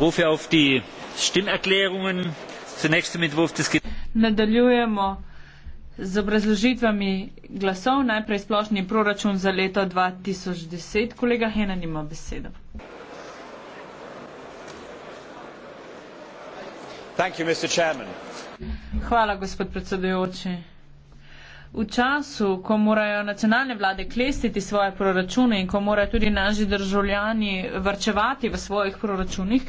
rufe auf die Stimmerklärungen. Zunächst im Entwurf des Nadaljujemo z obrazložitvami glasov, najprej splošni proračun za leto 2010. Kolega Henan ima besedo. Thank you, Mr. Chairman. Hvala, gospod predsedujoči v času, ko morajo nacionalne vlade klestiti svoje proračune in ko morajo tudi naši državljani vrčevati v svojih proračunih,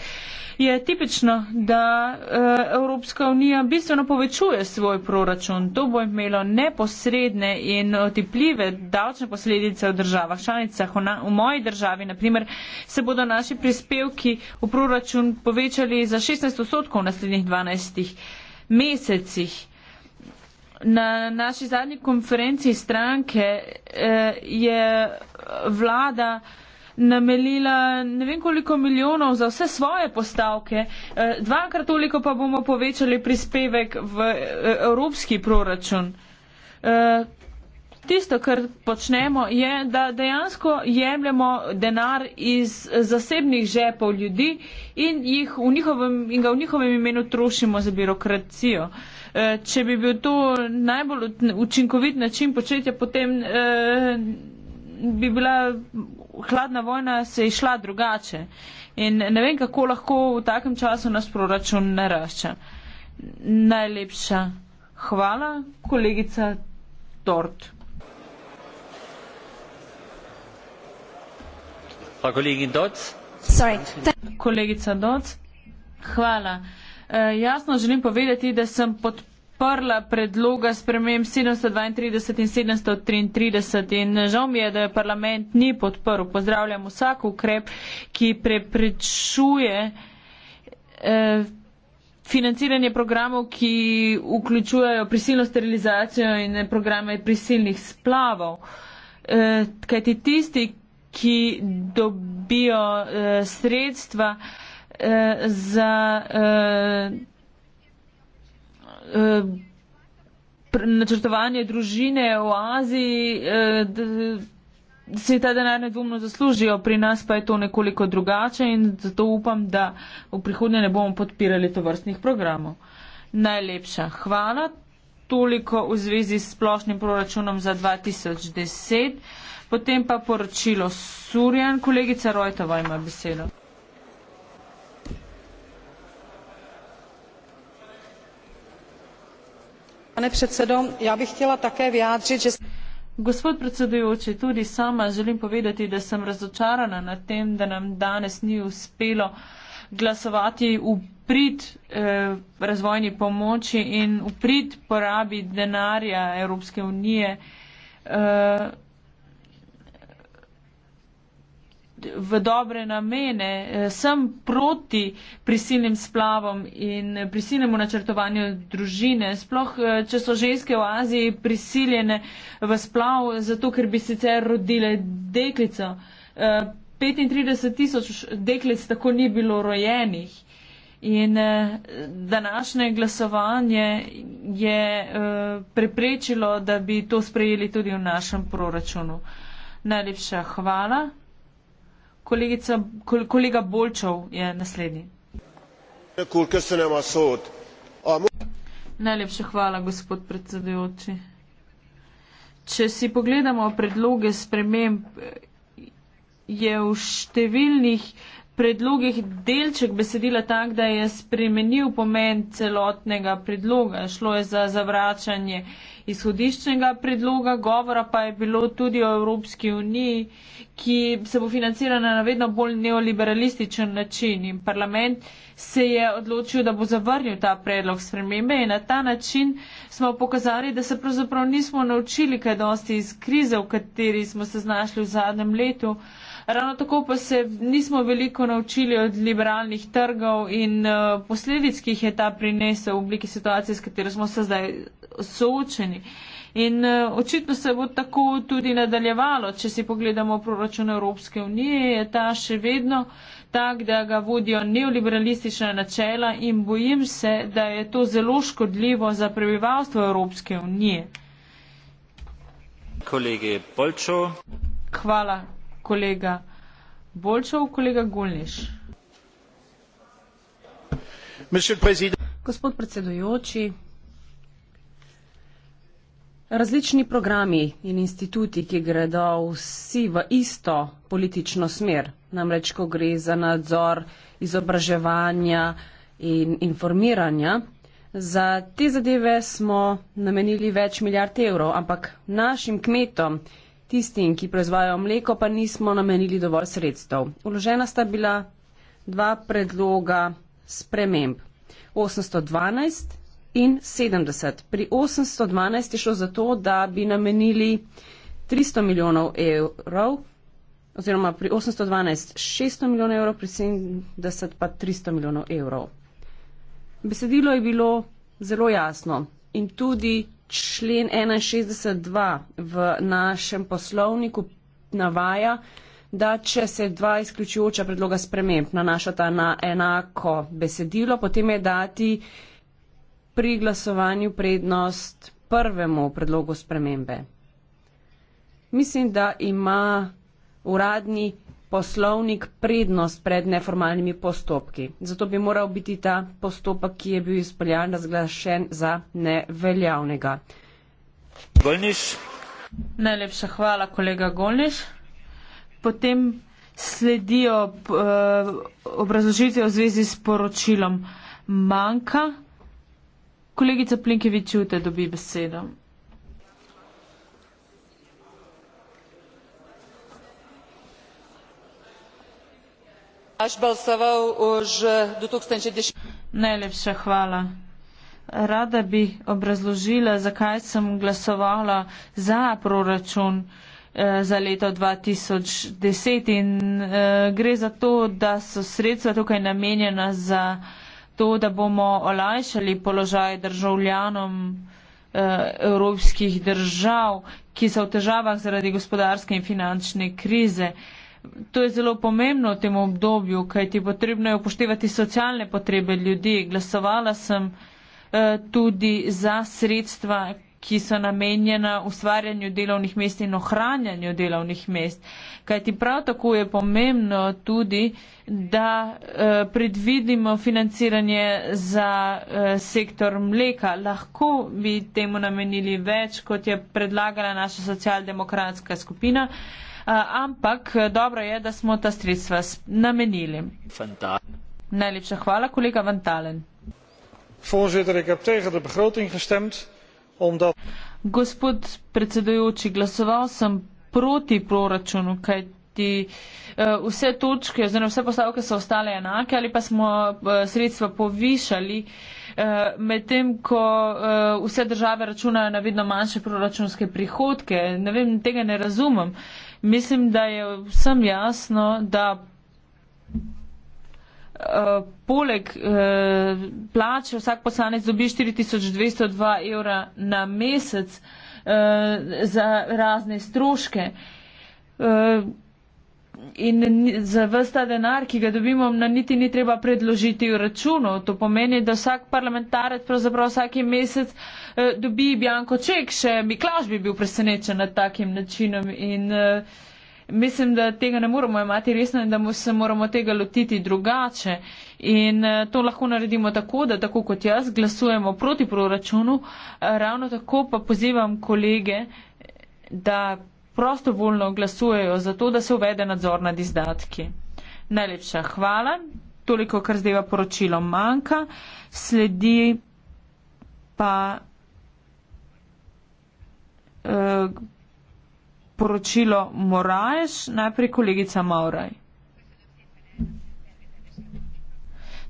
je tipično, da eh, Evropska unija bistveno povečuje svoj proračun. To bo imelo neposredne in otipljive davčne posledice v državah članicah. V moji državi, na primer, se bodo naši prispevki v proračun povečali za 16 odstotkov v naslednjih 12 mesecih. Na naši zadnji konferenci stranke eh, je vlada namelila ne vem koliko milijonov za vse svoje postavke, eh, dvakrat toliko pa bomo povečali prispevek v eh, evropski proračun. Eh, tisto, kar počnemo, je, da dejansko jemljamo denar iz zasebnih žepov ljudi in, jih v njihovem, in ga v njihovem imenu trošimo za birokracijo. Eh, Eh, če bi bil to najbolj učinkovit način početja, potem eh, bi bila hladna vojna se išla drugače. In ne vem, kako lahko v takem času nas proračun narašča. Najlepša hvala, kolegica Tort. Pa kolegi Doc? Sorry. Kolegica Doc, hvala. Eh, jasno želim povedati, da sem podprla predloga sprememb 732 in 733 in žal mi je, da je parlament ni podprl. Pozdravljam vsak ukrep, ki preprečuje eh, financiranje programov, ki vključujejo prisilno sterilizacijo in programe prisilnih splavov. Eh, kajti tisti, ki dobijo sredstva, z eh, eh, načrtovanje družine v Aziji eh, si ta denar nedvomno zaslužijo, pri nas pa je to nekoliko drugače in zato upam, da v prihodnje ne bomo podpirali to vrstnih programov. Najlepša hvala, toliko v zvezi s splošnim proračunom za 2010, potem pa poročilo Surjan, kolegica Rojtova ima besedo. gospod predsedujoči tudi sama želim povedati da sem razočarana nad tem da nam danes ni uspelo glasovati v prid eh, razvojni pomoči in v prid porabi denarja evropske unije eh, v dobre namene, eh, sem proti prisilnim splavom in prisilnemu načrtovanju družine, sploh eh, če so ženske v Aziji prisiljene v splav, zato ker bi sicer rodile deklico. 35 eh, tisoč deklic tako ni bilo rojenih. In današnje glasovanje je preprečilo, da bi to sprejeli tudi v našem proračunu. Najlepša hvala. Kolegica, kol, kolega Bolčov je naslednji. Najlepša hvala, gospod predsedujoči. Če si pogledamo predloge sprememb, je v številnih eh, predlogih delček besedila tak, da je spremenil pomen celotnega predloga. Šlo je za zavračanje izhodiščnega predloga, govora pa je bilo tudi o Evropski uniji, ki se bo financirala na vedno bolj neoliberalističen način. In parlament se je odločil, da bo zavrnil ta predlog spremembe in na ta način smo pokazali, da se pravzaprav nismo naučili kaj dosti iz krize, v kateri smo se znašli v zadnjem letu. Ravno tako pa se nismo veliko naučili od liberalnih trgov in eh, posledic, ki jih je ta prinesel v obliki situacije, s katero smo se zdaj soočeni. In eh, očitno se bo tako tudi nadaljevalo, če si pogledamo proračun Evropske unije, je ta še vedno tak, da ga vodijo neoliberalistična načela in bojim se, da je to zelo škodljivo za prebivalstvo Evropske unije. Kolege Polčo. Hvala kolega Bolčov, kolega Golniš. Gospod predsedujoči, različni programi in instituti, ki gredo vsi v isto politično smer, namreč ko gre za nadzor izobraževanja in informiranja, za te zadeve smo namenili več milijard evrov, ampak našim kmetom, tistim, ki proizvajajo mleko, pa nismo namenili dovolj sredstev. Uložena sta bila dva predloga sprememb. 812 in 70. Pri 812 je šlo za to, da bi namenili 300 milijonov evrov, oziroma pri 812 600 milijonov evrov, pri 70 pa 300 milijonov evrov. Besedilo je bilo zelo jasno in tudi člen 61.2 v našem poslovniku navaja, da če se dva izključujoča predloga sprememb nanašata na enako besedilo, potem je dati pri glasovanju prednost prvemu predlogu spremembe. Mislim, da ima uradni poslovnik prednost pred neformalnimi postopki. Zato bi moral biti ta postopek, ki je bil izpeljan, razglašen za neveljavnega. Golniš. Najlepša hvala, kolega Golniš. Potem sledijo eh, obrazložitve v zvezi s poročilom manjka. Kolegica Plinkevičute dobi besedo. aš balsavau už du tūkstančiai dešim najlepša hvala rada bi obrazložila zakaj sem glasovala za proračun eh, za leto 2010 in uh, gre za to, da so sredstva tukaj namenjena za to, da bomo olajšali položaj državljanom uh, evropskih držav, ki so v težavah zaradi gospodarske in finančne krize. Uh, To je zelo pomembno v tem obdobju, kajti potrebno je upoštevati socialne potrebe ljudi. Glasovala sem eh, tudi za sredstva, ki so namenjena ustvarjanju delovnih mest in ohranjanju delovnih mest. Kajti prav tako je pomembno tudi, da eh, predvidimo financiranje za eh, sektor mleka. Lahko bi temu namenili več, kot je predlagala naša socialdemokratska skupina ampak eh, dobro je, da smo ta sredstva namenili. Fantastic. Najlepša hvala, kolega Vantalen. Voorzitter, ik heb tegen de begroting gestemd, omdat. Gospod predsedujoči, glasoval sem proti proračunu, kajti eh, vse točke, oziroma vse postavke so ostale enake ali pa smo eh, sredstva povišali, medtem ko vse države računajo na vedno manjše proračunske prihodke. Ne vem, tega ne razumem mislim, da je vsem jasno, da Uh, poleg uh, plače vsak poslanec dobi 4202 evra na mesec uh, za razne stroške. Uh, in za vse ta denar, ki ga dobimo, na niti ni treba predložiti v računu. To pomeni, da vsak parlamentarec pravzaprav vsaki mesec eh, dobi bjanko ček, še Miklaš bi bil presenečen nad takim načinom in eh, mislim, da tega ne moramo imati resno in da mu se moramo tega lotiti drugače. In eh, to lahko naredimo tako, da tako kot jaz glasujemo proti proračunu, eh, ravno tako pa pozivam kolege, da prostovoljno glasujejo za to, da se uvede nadzor nad izdatki. Najlepša hvala. Toliko, kar zdajva poročilo manjka. Sledi pa eh, poročilo Moraješ, najprej kolegica Mauraj.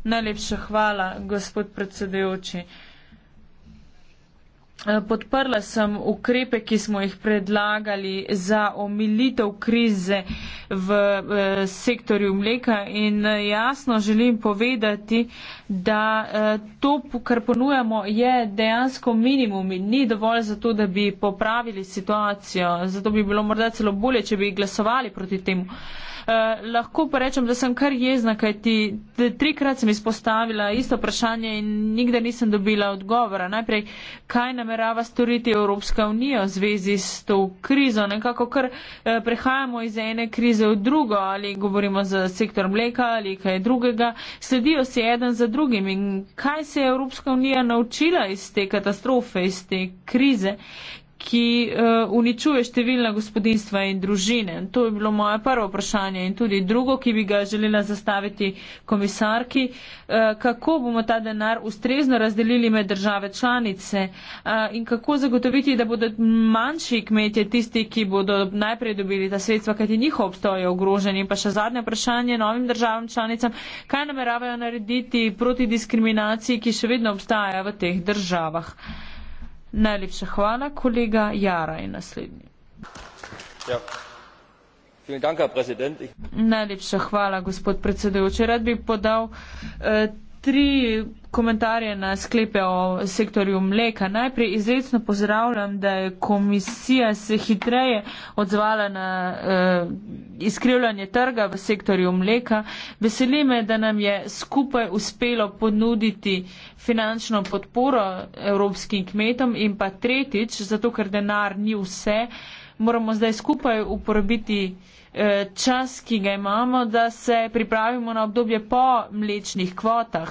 Najlepša hvala, gospod predsedujoči. Eh, Eh, podprla sem ukrepe, ki smo jih predlagali za omilitev krize v eh, sektorju mleka in eh, jasno želim povedati, da to, kar ponujamo, je dejansko minimum in ni dovolj za to, da bi popravili situacijo. Zato bi bilo morda celo bolje, če bi glasovali proti temu. Eh, lahko pa rečem, da sem kar jezna, kaj ti trikrat sem izpostavila isto vprašanje in nikdar nisem dobila odgovora. Najprej, kaj namerava storiti Evropska unija v zvezi s to krizo? Nekako kar eh, prehajamo iz ene krize v drugo, ali govorimo za sektor mleka ali kaj drugega, sledijo se eden za drugim in kaj se je Evropska unija naučila iz te katastrofe, iz te krize ki uh, uničuje številna gospodinstva in družine. To je bilo moje prvo vprašanje in tudi drugo, ki bi ga želela zastaviti komisarki. Uh, kako bomo ta denar ustrezno razdelili med države članice uh, in kako zagotoviti, da bodo manjši kmetje tisti, ki bodo najprej dobili ta sredstva, kajti njihov obstoj je ogrožen. In pa še zadnje vprašanje novim državam članicam, kaj nameravajo narediti proti diskriminaciji, ki še vedno obstaja v teh državah. Najlepša hvala. Kolega Jara je naslednji. Ja. Dank, Najlepša hvala, gospod predsedujoči. Rad bi podal eh, tri komentarje na sklepe o sektorju mleka. Najprej izredno pozdravljam, da je komisija se hitreje odzvala na uh, izkrivljanje trga v sektorju mleka. Veseli me, da nam je skupaj uspelo ponuditi finančno podporo evropskim kmetom in pa tretjič, zato ker denar ni vse, moramo zdaj skupaj uporabiti. Eh, čas, ki ga imamo, da se pripravimo na obdobje po mlečnih kvotah.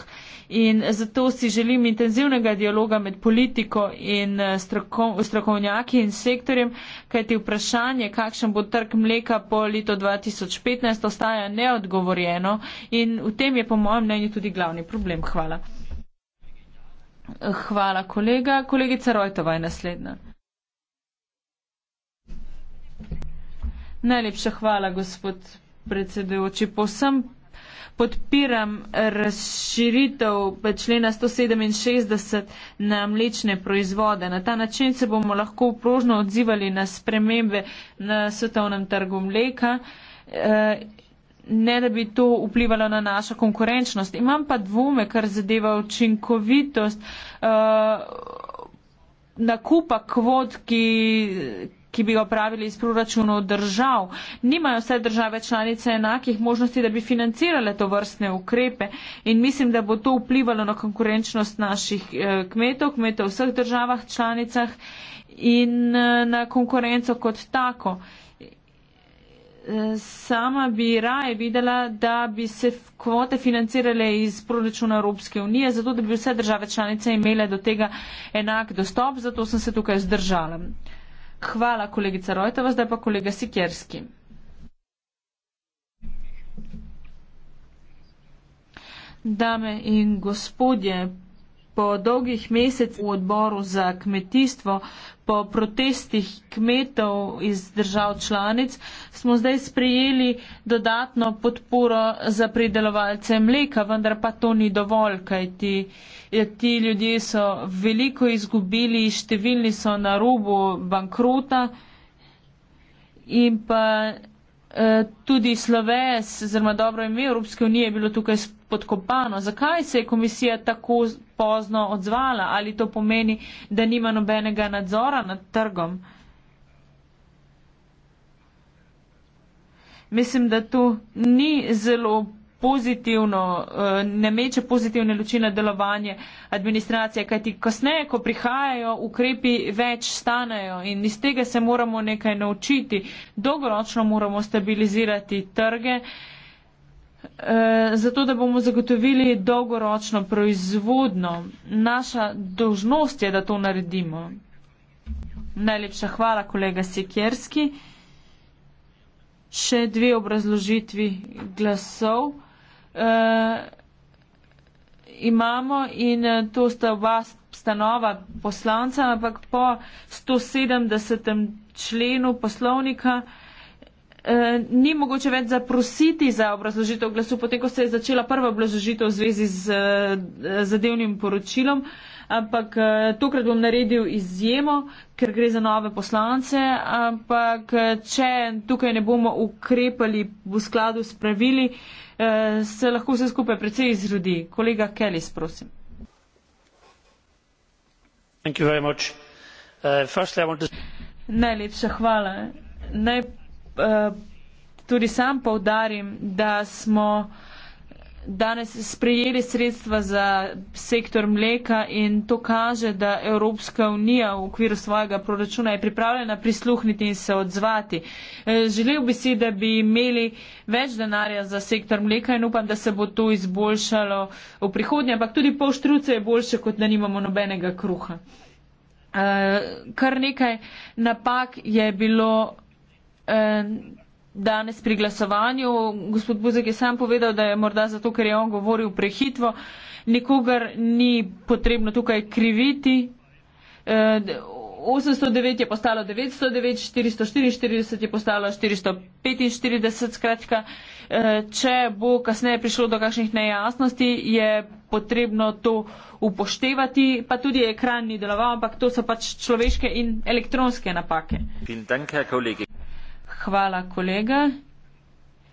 In zato si želim intenzivnega dialoga med politiko in eh, strokov, strokovnjaki in sektorjem, kajti vprašanje, kakšen bo trg mleka po letu 2015, ostaja neodgovorjeno in v tem je po mojem mnenju tudi glavni problem. Hvala. Hvala, kolega. Kolegica Rojtova je naslednja. Najlepša hvala, gospod predsedujoči. Povsem podpiram razširitev člena 167 na mlečne proizvode. Na ta način se bomo lahko prožno odzivali na spremembe na svetovnem trgu mleka, eh, ne da bi to vplivalo na našo konkurenčnost. Imam pa dvome, kar zadeva učinkovitost eh, nakupa kvot, ki, ki bi ga upravili iz proračunov držav. Nimajo vse države članice enakih možnosti, da bi financirale to vrstne ukrepe in mislim, da bo to vplivalo na konkurenčnost naših eh, kmetov, kmetov v vseh državah članicah in eh, na konkurenco kot tako. Sama bi raje videla, da bi se kvote financirale iz proračuna Evropske unije, zato da bi vse države članice imele do tega enak dostop, zato sem se tukaj zdržala. Hvala, kolegica Rojtova, zdaj pa kolega Sikerski. Dame in gospodje, po dolgih mesecih v odboru za kmetijstvo, po protestih kmetov iz držav članic, smo zdaj sprejeli dodatno podporo za pridelovalce mleka, vendar pa to ni dovolj, kaj ti, eh, ti ljudje so veliko izgubili, številni so na robu bankrota in pa. Eh, tudi sloves, zelo dobro ime Evropske unije je bilo tukaj podkopano. Zakaj se je komisija tako pozno odzvala? Ali to pomeni, da nima nobenega nadzora nad trgom? Mislim, da to ni zelo pozitivno, eh, ne meče pozitivne luči na delovanje administracije, kajti kasneje, ko prihajajo, ukrepi več stanejo in iz tega se moramo nekaj naučiti. Dolgoročno moramo stabilizirati trge. Eh, zato da bomo zagotovili dolgoročno proizvodno. Naša dožnost je, da to naredimo. Najlepša hvala, kolega Sikerski. Še dve obrazložitvi glasov e, imamo in eh, to sta oba stanova poslanca, ampak po 170. členu poslovnika. Eh, ni mogoče več zaprositi za obrazložitev glasu, potem ko se je začela prva obrazložitev v zvezi z eh, zadevnim poročilom, ampak eh, tokrat bom naredil izjemo, ker gre za nove poslance, ampak če tukaj ne bomo ukrepali v skladu s pravili, se lahko vse skupaj precej izrodi. Kolega Kelis, prosim. Najlepša hvala. Naj Eh, tudi sam povdarim, da smo danes sprejeli sredstva za sektor mleka in to kaže, da Evropska unija v okviru svojega proračuna je pripravljena prisluhniti in se odzvati. Eh, želel bi si, da bi imeli več denarja za sektor mleka in upam, da se bo to izboljšalo v prihodnje, ampak tudi pol štruce je boljše, kot da nimamo nobenega kruha. Eh, kar nekaj napak je bilo Eh, danes pri glasovanju. Gospod Buzek je sam povedal, da je morda zato, ker je on govoril prehitvo, nikogar ni potrebno tukaj kriviti. 809 eh, je postalo 909, 444 je postalo 445, skratka, eh, če bo kasneje prišlo do kakšnih nejasnosti, je potrebno to upoštevati, pa tudi ekran ni deloval, ampak to so pač človeške in elektronske napake hvala kolega.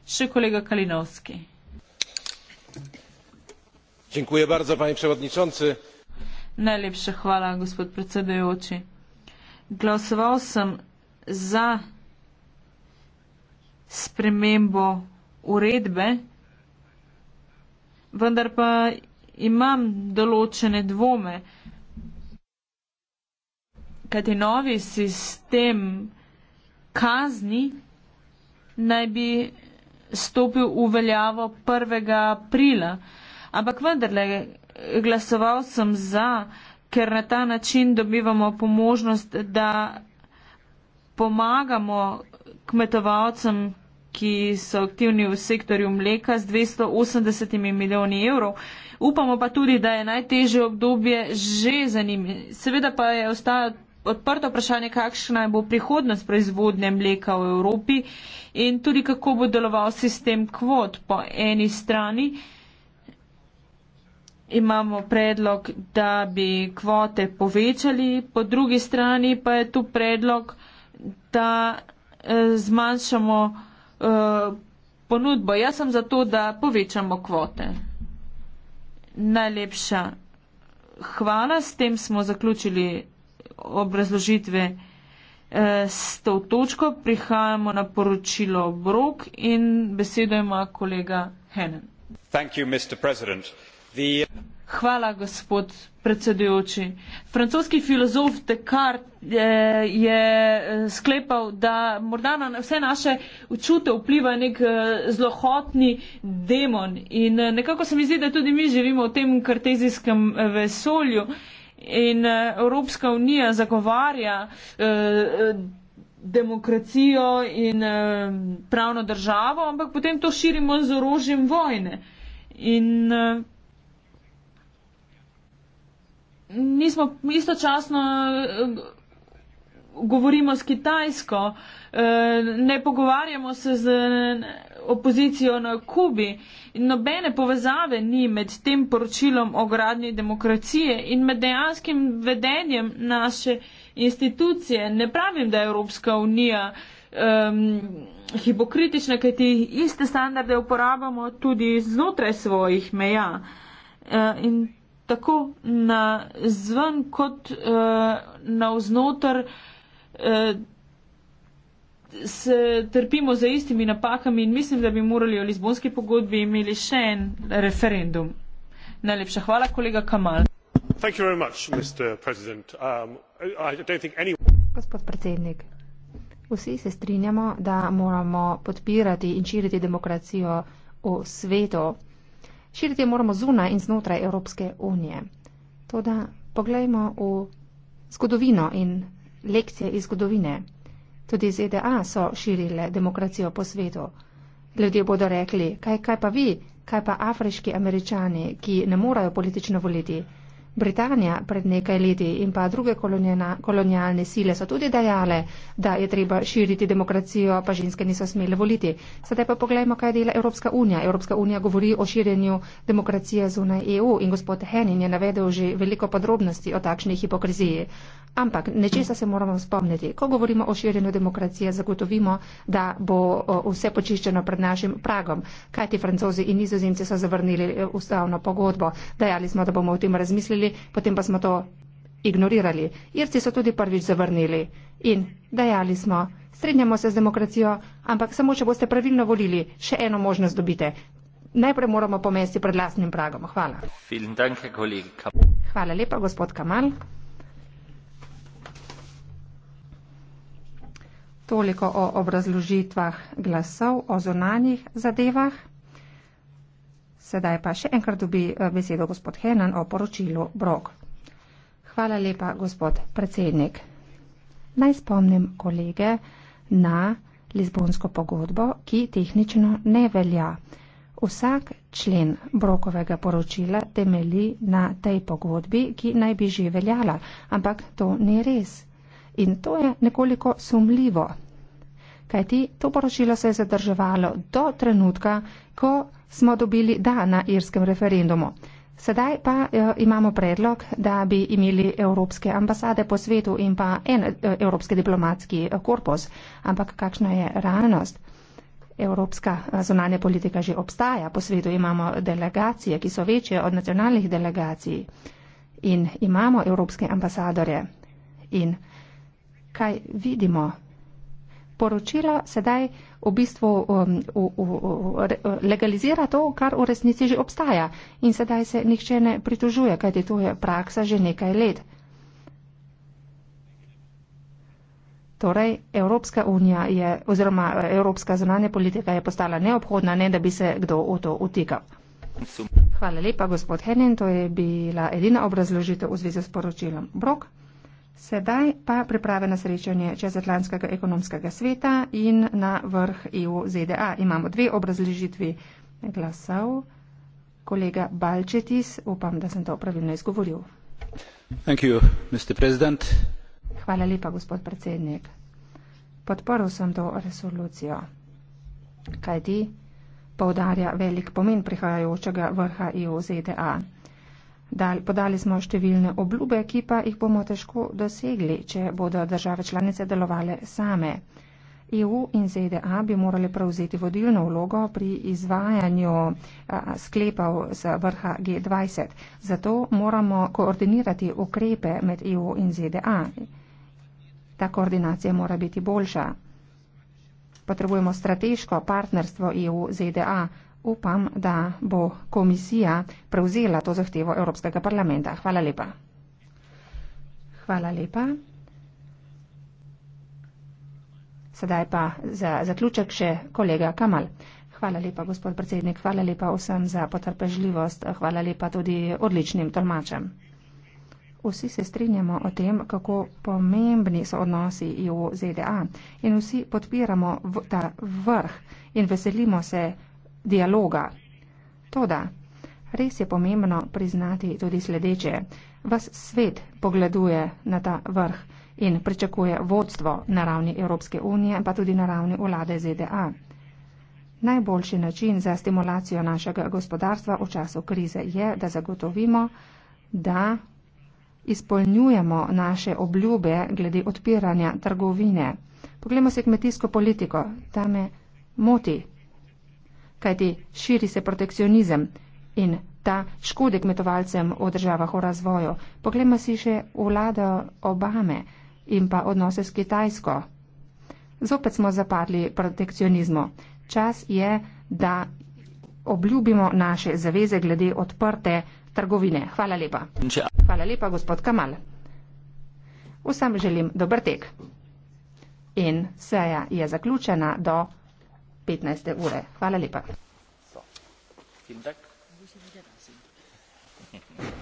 Še kolega Kalinowski. Dziękuję bardzo, panie przewodniczący. Najlepsze chwała, gospod przewodniczący. Głosował sam za zmianą uredby, wendar pa imam določene dwome, kiedy nowy system kazni naj bi stopil v veljavo 1. aprila. Ampak vendarle, glasoval sem za, ker na ta način dobivamo pomožnost, da pomagamo kmetovalcem, ki so aktivni v sektorju mleka z 280 milijoni evrov. Upamo pa tudi, da je najtežje obdobje že za njimi. Seveda pa je ostalo odprto vprašanje, kakšna bo prihodnost proizvodnje mleka v Evropi in tudi kako bo deloval sistem kvot po eni strani. Imamo predlog, da bi kvote povečali, po drugi strani pa je tu predlog, da eh, zmanjšamo eh, ponudbo. Jaz sem za to, da povečamo kvote. Najlepša hvala, s tem smo zaključili obrazložitve. Eh, s to točko prihajamo na poročilo Brok in besedo ima kolega Henen. Hvala, gospod predsedujoči. Francoski filozof Descartes eh, je, je eh, sklepal, da morda na vse naše učute vpliva nek zlohotni demon. In nekako se mi zdi, da tudi mi živimo v tem kartezijskem vesolju. In eh, Evropska unija zagovarja eh, eh, demokracijo in pravno državo, ampak potem to širimo z orožjem vojne. In nismo istočasno govorimo s Kitajsko, ne pogovarjamo se z opozicijo na Kubi. Nobene povezave ni med tem poročilom o gradnji demokracije in med dejanskim vedenjem naše institucije. Ne pravim, da je Evropska unija um, hipokritična, kajti iste standarde uporabljamo tudi znotraj svojih meja. Uh, in tako na zven kot uh, e, na vznotr. Uh, e, se trpimo za istimi napakami in mislim, da bi morali o Lizbonski pogodbi imeli še en referendum. Najlepša hvala, kolega Kamal. Much, um, any... Gospod predsednik, vsi se strinjamo, da moramo podpirati in širiti demokracijo v svetu. Širiti jo moramo zunaj in znotraj Evropske unije. Toda poglejmo v zgodovino in lekcije iz zgodovine. Tudi ZDA so širile demokracijo po svetu. Ljudje bodo rekli, kaj, kaj pa vi, kaj pa afriški američani, ki ne morajo politično voliti. Britanija pred nekaj leti in pa druge kolonialne sile so tudi dejale, da je treba širiti demokracijo, pa ženske niso smele voliti. Sedaj pa pogledajmo, kaj dela Evropska unija. Evropska unija govori o širjenju demokracije zunaj EU in gospod Henin je navedel že veliko podrobnosti o takšni hipokriziji. Ampak nečesa se moramo spomniti. Ko govorimo o širjenju demokracije, zagotovimo, da bo vse počiščeno pred našim pragom. Kajti francozi in nizozemci so zavrnili eh, ustavno pogodbo. Dajali smo, da bomo o tem razmislili naredili, potem pa smo to ignorirali. Irci so tudi prvič zavrnili in dejali smo, strinjamo se z demokracijo, ampak samo, če boste pravilno volili, še eno možnost dobite. Najprej moramo pomesti pred lastnim pragom. Hvala. Hvala lepa, gospod Kamal. Toliko o obrazložitvah glasov, o zonanjih zadevah. Sedaj pa še enkrat dobi eh, besedo gospod Henan o poročilu Brok. Hvala lepa, gospod predsednik. Naj spomnim kolege na Lizbonsko pogodbo, ki tehnično ne velja. Vsak člen Brokovega poročila temeli na tej pogodbi, ki naj bi že veljala, ampak to ni res. In to je nekoliko sumljivo. Kajti to poročilo se je zadrževalo do trenutka, ko smo dobili da na irskem referendumu. Sedaj pa eh, imamo predlog, da bi imeli evropske ambasade po svetu in pa en eh, evropski diplomatski eh, korpus. Ampak kakšna je realnost? Evropska zunanja politika že obstaja, po svetu imamo delegacije, ki so večje od nacionalnih delegacij in imamo evropske ambasadore. In kaj vidimo poročila sedaj v bistvu um, u, u, u, re, legalizira to, kar v resnici že obstaja in sedaj se nihče ne pritožuje, kajti to je praksa že nekaj let. Torej, Evropska unija je, oziroma Evropska zunanja politika je postala neobhodna, ne da bi se kdo v to utikal. Hvala lepa, gospod Henin, to je bila edina obrazložitev v zvezi s poročilom. Brok? Sedaj pa priprave na srečanje čezatlantskega ekonomskega sveta in na vrh EU-ZDA. Imamo dve obrazložitvi glasov. Kolega Balčetis, upam, da sem to pravilno izgovoril. You, Hvala lepa, gospod predsednik. Podporil sem to resolucijo, kajti poudarja velik pomen prihajajočega vrha EU-ZDA. Dal, podali smo številne obljube, ki pa jih bomo težko dosegli, če bodo države članice delovale same. EU in ZDA bi morali prevzeti vodilno vlogo pri izvajanju sklepov z vrha G20. Zato moramo koordinirati ukrepe med EU in ZDA. Ta koordinacija mora biti boljša. Potrebujemo strateško partnerstvo EU-ZDA, upam, da bo komisija prevzela to zahtevo Evropskega parlamenta. Hvala lepa. Hvala lepa. Sedaj pa za zaključek še kolega Kamal. Hvala lepa, gospod predsednik. Hvala lepa vsem za potrpežljivost. Hvala lepa tudi odličnim tolmačem. Vsi se strinjamo o tem, kako pomembni so odnosi EU-ZDA in vsi podpiramo ta vrh in veselimo se dialoga. Toda, res je pomembno priznati tudi sledeče. Vas svet pogleduje na ta vrh in pričakuje vodstvo na ravni Evropske unije, pa tudi na ravni vlade ZDA. Najboljši način za stimulacijo našega gospodarstva v času krize je, da zagotovimo, da izpolnjujemo naše obljube glede odpiranja trgovine. Poglejmo se kmetijsko politiko, tam me moti kajti širi se protekcionizem in ta škode kmetovalcem v državah v razvoju. Poglejmo si še vlado Obame in pa odnose s Kitajsko. Zopet smo zapadli protekcionizmu. Čas je, da obljubimo naše zaveze glede odprte trgovine. Hvala lepa. Hvala lepa, gospod Kamal. Vsem želim dober tek. In seja je zaključena do 18.00. 15. ure. Hvala lepa. Vielen Dank.